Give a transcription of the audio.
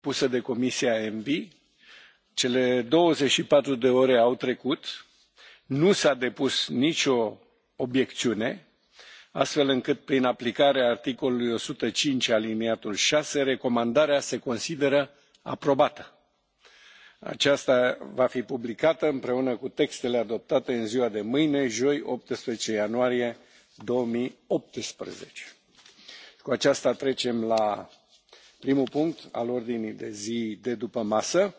pusă de Comisia ENVI. Cele 24 de ore au trecut, nu s-a depus nicio obiecțiune, astfel încât prin aplicarea articolului 105 aliniatul 6 recomandarea se consideră aprobată. Aceasta va fi publicată împreună cu textele adoptate în ziua de mâine, joi 18 ianuarie 2018. Cu aceasta trecem la primul punct al ordinii de zi de după masă